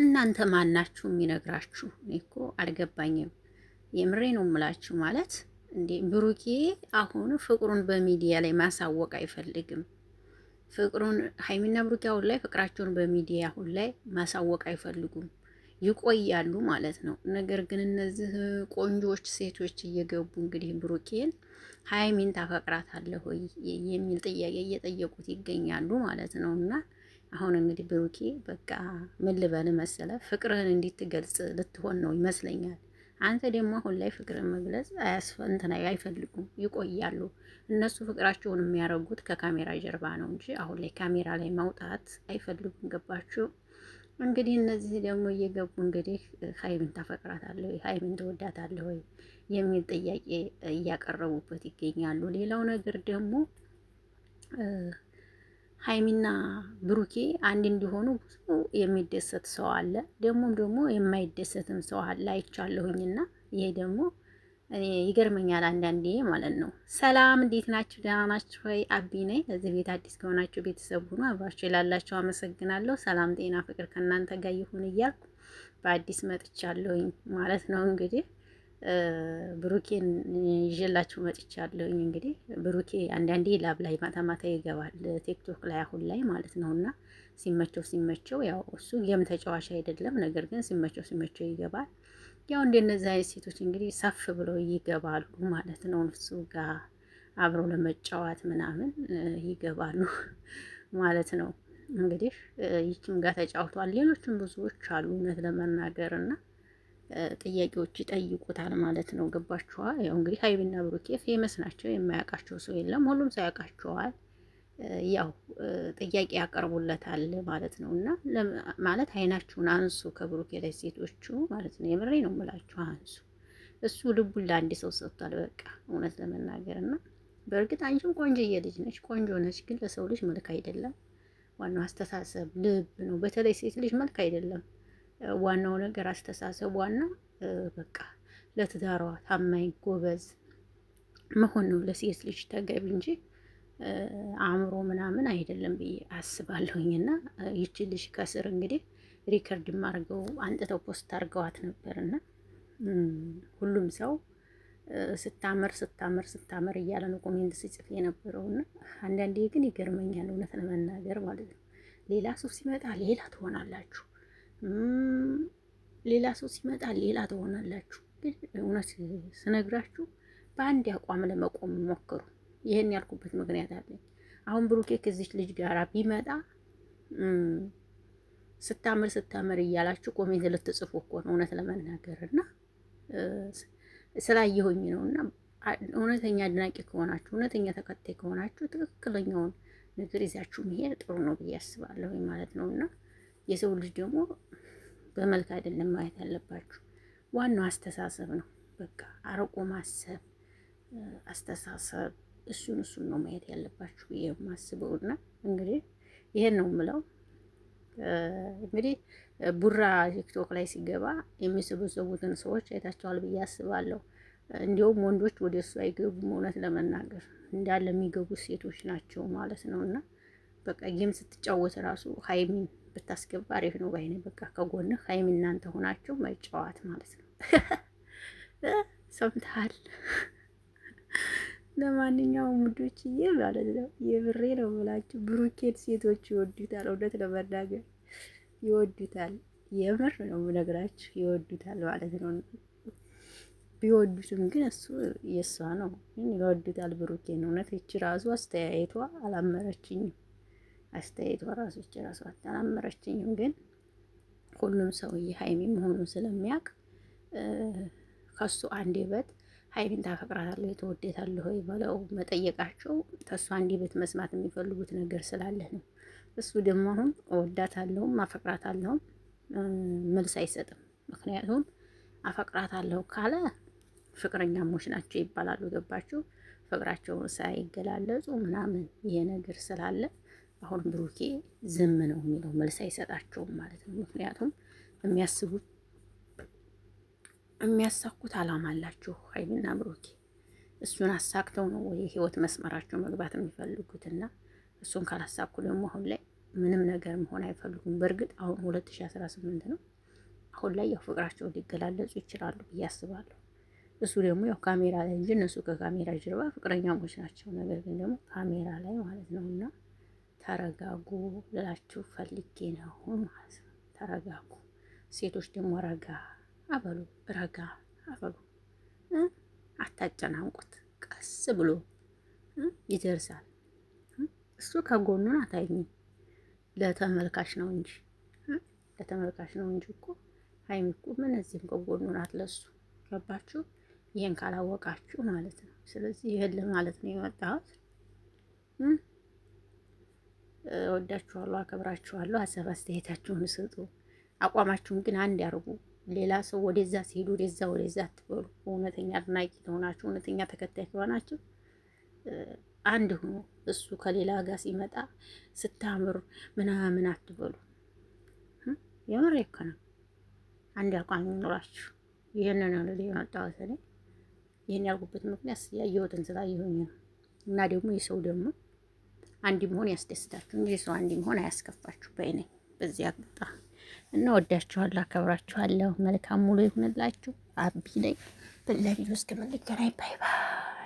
እናንተ ማናችሁ የሚነግራችሁ? እኔ እኮ አልገባኝም። የምሬ ነው የምላችሁ። ማለት እንዴ ብሩኬ አሁን ፍቅሩን በሚዲያ ላይ ማሳወቅ አይፈልግም። ፍቅሩን ሀይሚና ብሩኬ አሁን ላይ ፍቅራቸውን በሚዲያ አሁን ላይ ማሳወቅ አይፈልጉም፣ ይቆያሉ ማለት ነው። ነገር ግን እነዚህ ቆንጆች ሴቶች እየገቡ እንግዲህ ብሩኬን ሀይሚን ታፈቅራታለህ ወይ የሚል ጥያቄ እየጠየቁት ይገኛሉ ማለት ነው እና አሁን እንግዲህ ብሩኬ በቃ ምን ልበል መሰለ ፍቅርህን እንዲትገልጽ ልትሆን ነው ይመስለኛል። አንተ ደግሞ አሁን ላይ ፍቅርን መግለጽ አያስፈንትና አይፈልጉም ይቆያሉ። እነሱ ፍቅራቸውን የሚያደርጉት ከካሜራ ጀርባ ነው እንጂ አሁን ላይ ካሜራ ላይ ማውጣት አይፈልጉም። ገባችሁ? እንግዲህ እነዚህ ደግሞ እየገቡ እንግዲህ ሀይሚን ታፈቅራታለህ ወይ ሀይሚን ትወዳታለህ ወይ የሚል ጥያቄ እያቀረቡበት ይገኛሉ። ሌላው ነገር ደግሞ ሀይሚና ብሩኬ አንድ እንዲሆኑ ብዙ የሚደሰት ሰው አለ፣ ደግሞም ደግሞ የማይደሰትም ሰው አለ አይቻለሁኝና ይሄ ደግሞ ይገርመኛል አንዳንዴ ማለት ነው። ሰላም እንዴት ናችሁ? ደህና ናችሁ ወይ? አቢ ነኝ። እዚህ ቤት አዲስ ከሆናችሁ ቤተሰብ ሁኑ። አብራችሁ የላላችሁ አመሰግናለሁ። ሰላም፣ ጤና፣ ፍቅር ከእናንተ ጋር ይሁን እያልኩ በአዲስ መጥቻለሁኝ ማለት ነው እንግዲህ ብሩኬን ይዤላችሁ መጥቻለሁኝ። እንግዲህ ብሩኬ አንዳንዴ ላብ ላይ ማታ ማታ ይገባል ቲክቶክ ላይ አሁን ላይ ማለት ነው። እና ሲመቸው ሲመቸው ያው እሱ ጌም ተጫዋች አይደለም፣ ነገር ግን ሲመቸው ሲመቸው ይገባል። ያው እንደነዚህ አይነት ሴቶች እንግዲህ ሰፍ ብለው ይገባሉ ማለት ነው። እሱ ጋር አብረው ለመጫወት ምናምን ይገባሉ ማለት ነው። እንግዲህ ይችም ጋር ተጫውቷል። ሌሎችም ብዙዎች አሉ እውነት ለመናገር እና ጥያቄዎች ይጠይቁታል ማለት ነው። ገባችኋ? ያው እንግዲህ ሀይሚና ብሩኬ ፌመስ ናቸው። የማያውቃቸው ሰው የለም። ሁሉም ሰው ያውቃቸዋል። ያው ጥያቄ ያቀርቡለታል ማለት ነው። እና ማለት አይናችሁን አንሱ ከብሩኬ ላይ ሴቶቹ ማለት ነው። የምሬ ነው የምላችሁ አንሱ። እሱ ልቡን ለአንድ ሰው ሰጥቷል። በቃ እውነት ለመናገር እና በእርግጥ አንቺም ቆንጆዬ ልጅ ነች፣ ቆንጆ ነች። ግን ለሰው ልጅ መልክ አይደለም ዋናው አስተሳሰብ ልብ ነው። በተለይ ሴት ልጅ መልክ አይደለም ዋናው ነገር አስተሳሰቧና በቃ ለትዳሯ ታማኝ ጎበዝ መሆን ነው ለሴት ልጅ ተገቢ እንጂ አእምሮ ምናምን አይደለም ብዬ አስባለሁኝ። ና ይቺ ልጅ ከስር እንግዲህ ሪከርድ ማርገው አንጥተው ፖስት አርገዋት ነበር ሁሉም ሰው ስታምር ስታምር ስታምር እያለ ነው ኮሜንት ሲጽፍ የነበረው ና አንዳንዴ ግን ይገርመኛል እውነት ለመናገር ማለት ነው። ሌላ ሰው ሲመጣ ሌላ ትሆናላችሁ። ሌላ ሰው ሲመጣ ሌላ ትሆናላችሁ። ግን እውነት ስነግራችሁ በአንድ አቋም ለመቆም ሞክሩ። ይህን ያልኩበት ምክንያት አለኝ። አሁን ብሩኬ ከዚች ልጅ ጋር ቢመጣ ስታምር ስታምር እያላችሁ ኮሜንት ልትጽፉ እኮ ነው እውነት ለመናገር እና ስላየሁኝ ነው እና እውነተኛ አድናቂ ከሆናችሁ እውነተኛ ተከታይ ከሆናችሁ ትክክለኛውን ነገር ይዛችሁ መሄድ ጥሩ ነው ብዬ አስባለሁ ማለት ነው እና የሰው ልጅ ደግሞ በመልክ አይደለም ማየት ያለባችሁ፣ ዋናው አስተሳሰብ ነው። በቃ አርቆ ማሰብ፣ አስተሳሰብ እሱን እሱን ነው ማየት ያለባችሁ የማስበው እና እንግዲህ ይሄን ነው ምለው። እንግዲህ ቡራ ቲክቶክ ላይ ሲገባ የሚሰበሰቡትን ሰዎች አይታቸዋል ብዬ አስባለሁ። እንዲሁም ወንዶች ወደ እሱ አይገቡም፣ እውነት ለመናገር እንዳለ የሚገቡ ሴቶች ናቸው ማለት ነው። እና በቃ ጌም ስትጫወት ራሱ ሀይሚን ብታስገባ አሪፍ ነው ባይኔ። በቃ ከጎንህ ሀይሚ እናንተ ሆናችሁ መጫወት ማለት ነው። ሰምተሃል? ለማንኛውም ውዶችዬ ማለት ነው የብሬ ነው ብላችሁ ብሩኬት ሴቶች ይወዱታል። እውነት ለመናገር ይወዱታል። የምር ነው የምነግራችሁ ይወዱታል ማለት ነው። ቢወዱትም ግን እሱ የእሷ ነው፣ ግን ይወዱታል ብሩኬን። እውነት ይቺ ራሱ አስተያየቷ አላመረችኝም። አስተያየት ራሱ እች ራሱ አልተናመረችኝም። ግን ሁሉም ሰውዬ ሀይሚ መሆኑን ስለሚያውቅ ከሱ አንደበት ሀይሚን ታፈቅራታለህ ትወዳታለህ ወይ ብለው መጠየቃቸው ከሱ በት መስማት የሚፈልጉት ነገር ስላለ ነው። እሱ ደግሞ አሁን እወዳታለሁም አፈቅራታለሁም መልስ አይሰጥም። ምክንያቱም አፈቅራታለሁ ካለ ፍቅረኛሞች ናቸው ይባላሉ። ገባችሁ? ፍቅራቸውን ሳይገላለጹ ምናምን ይሄ ነገር ስላለ አሁን ብሩኬ ዝም ነው የሚለው መልስ አይሰጣቸውም ማለት ነው። ምክንያቱም የሚያስቡት የሚያሳኩት አላማ አላቸው ሀይሚና ብሩኬ እሱን አሳክተው ነው ወይ ህይወት መስመራቸው መግባት የሚፈልጉት እሱን ካላሳኩ ደግሞ አሁን ላይ ምንም ነገር መሆን አይፈልጉም። በእርግጥ አሁን ስምንት ነው። አሁን ላይ ያው ፍቅራቸውን ሊገላለጹ ይችላሉ ብዬ አስባለሁ። እሱ ደግሞ ያው ካሜራ ላይ እንጂ እነሱ ከካሜራ ጀርባ ፍቅረኛሞች ናቸው። ነገር ግን ደግሞ ካሜራ ላይ ማለት ነው እና ተረጋጉ ልላችሁ ፈልጌ ነው ማለት ነው። ተረጋጉ። ሴቶች ደግሞ ረጋ አበሉ፣ ረጋ አበሉ። አታጨናንቁት። ቀስ ብሎ ይደርሳል። እሱ ከጎኑን አታይኝም። ለተመልካች ነው እንጂ ለተመልካች ነው እንጂ እኮ ሀይሚ እኮ ምን እዚህም ከጎኑን አትለሱ። ገባችሁ? ይህን ካላወቃችሁ ማለት ነው። ስለዚህ ይህን ለማለት ነው የመጣሁት። ወዳችኋለሁ፣ አከብራችኋለሁ። ሀሳብ አስተያየታችሁን ስጡ። አቋማችሁን ግን አንድ ያርጉ። ሌላ ሰው ወደዛ ሲሄዱ ወደዛ ወደዛ አትበሉ። እውነተኛ አድናቂ ከሆናችሁ እውነተኛ ተከታይ ከሆናችሁ አንድ ሁኑ። እሱ ከሌላ ጋር ሲመጣ ስታምር ምናምን አትበሉ። የምር እኮ ነው። አንድ አቋም ይኖራችሁ። ይህንን ነው የመጣሁት እኔ። ይህን ያልኩበት ምክንያት ያየሁትን ስላየሁኝ ነው እና ደግሞ የሰው ደግሞ አንድ መሆን ያስደስታችሁ። እንግዲህ ሰው አንድ መሆን አያስከፋችሁ። በይነኝ በዚህ አቅጣ እና ወዳችኋለሁ፣ አከብራችኋለሁ። መልካም ሙሉ ይሁንላችሁ። አቢ ነኝ በሌላ ቪዲዮ እስከምንገናኝ ባይ ባይ።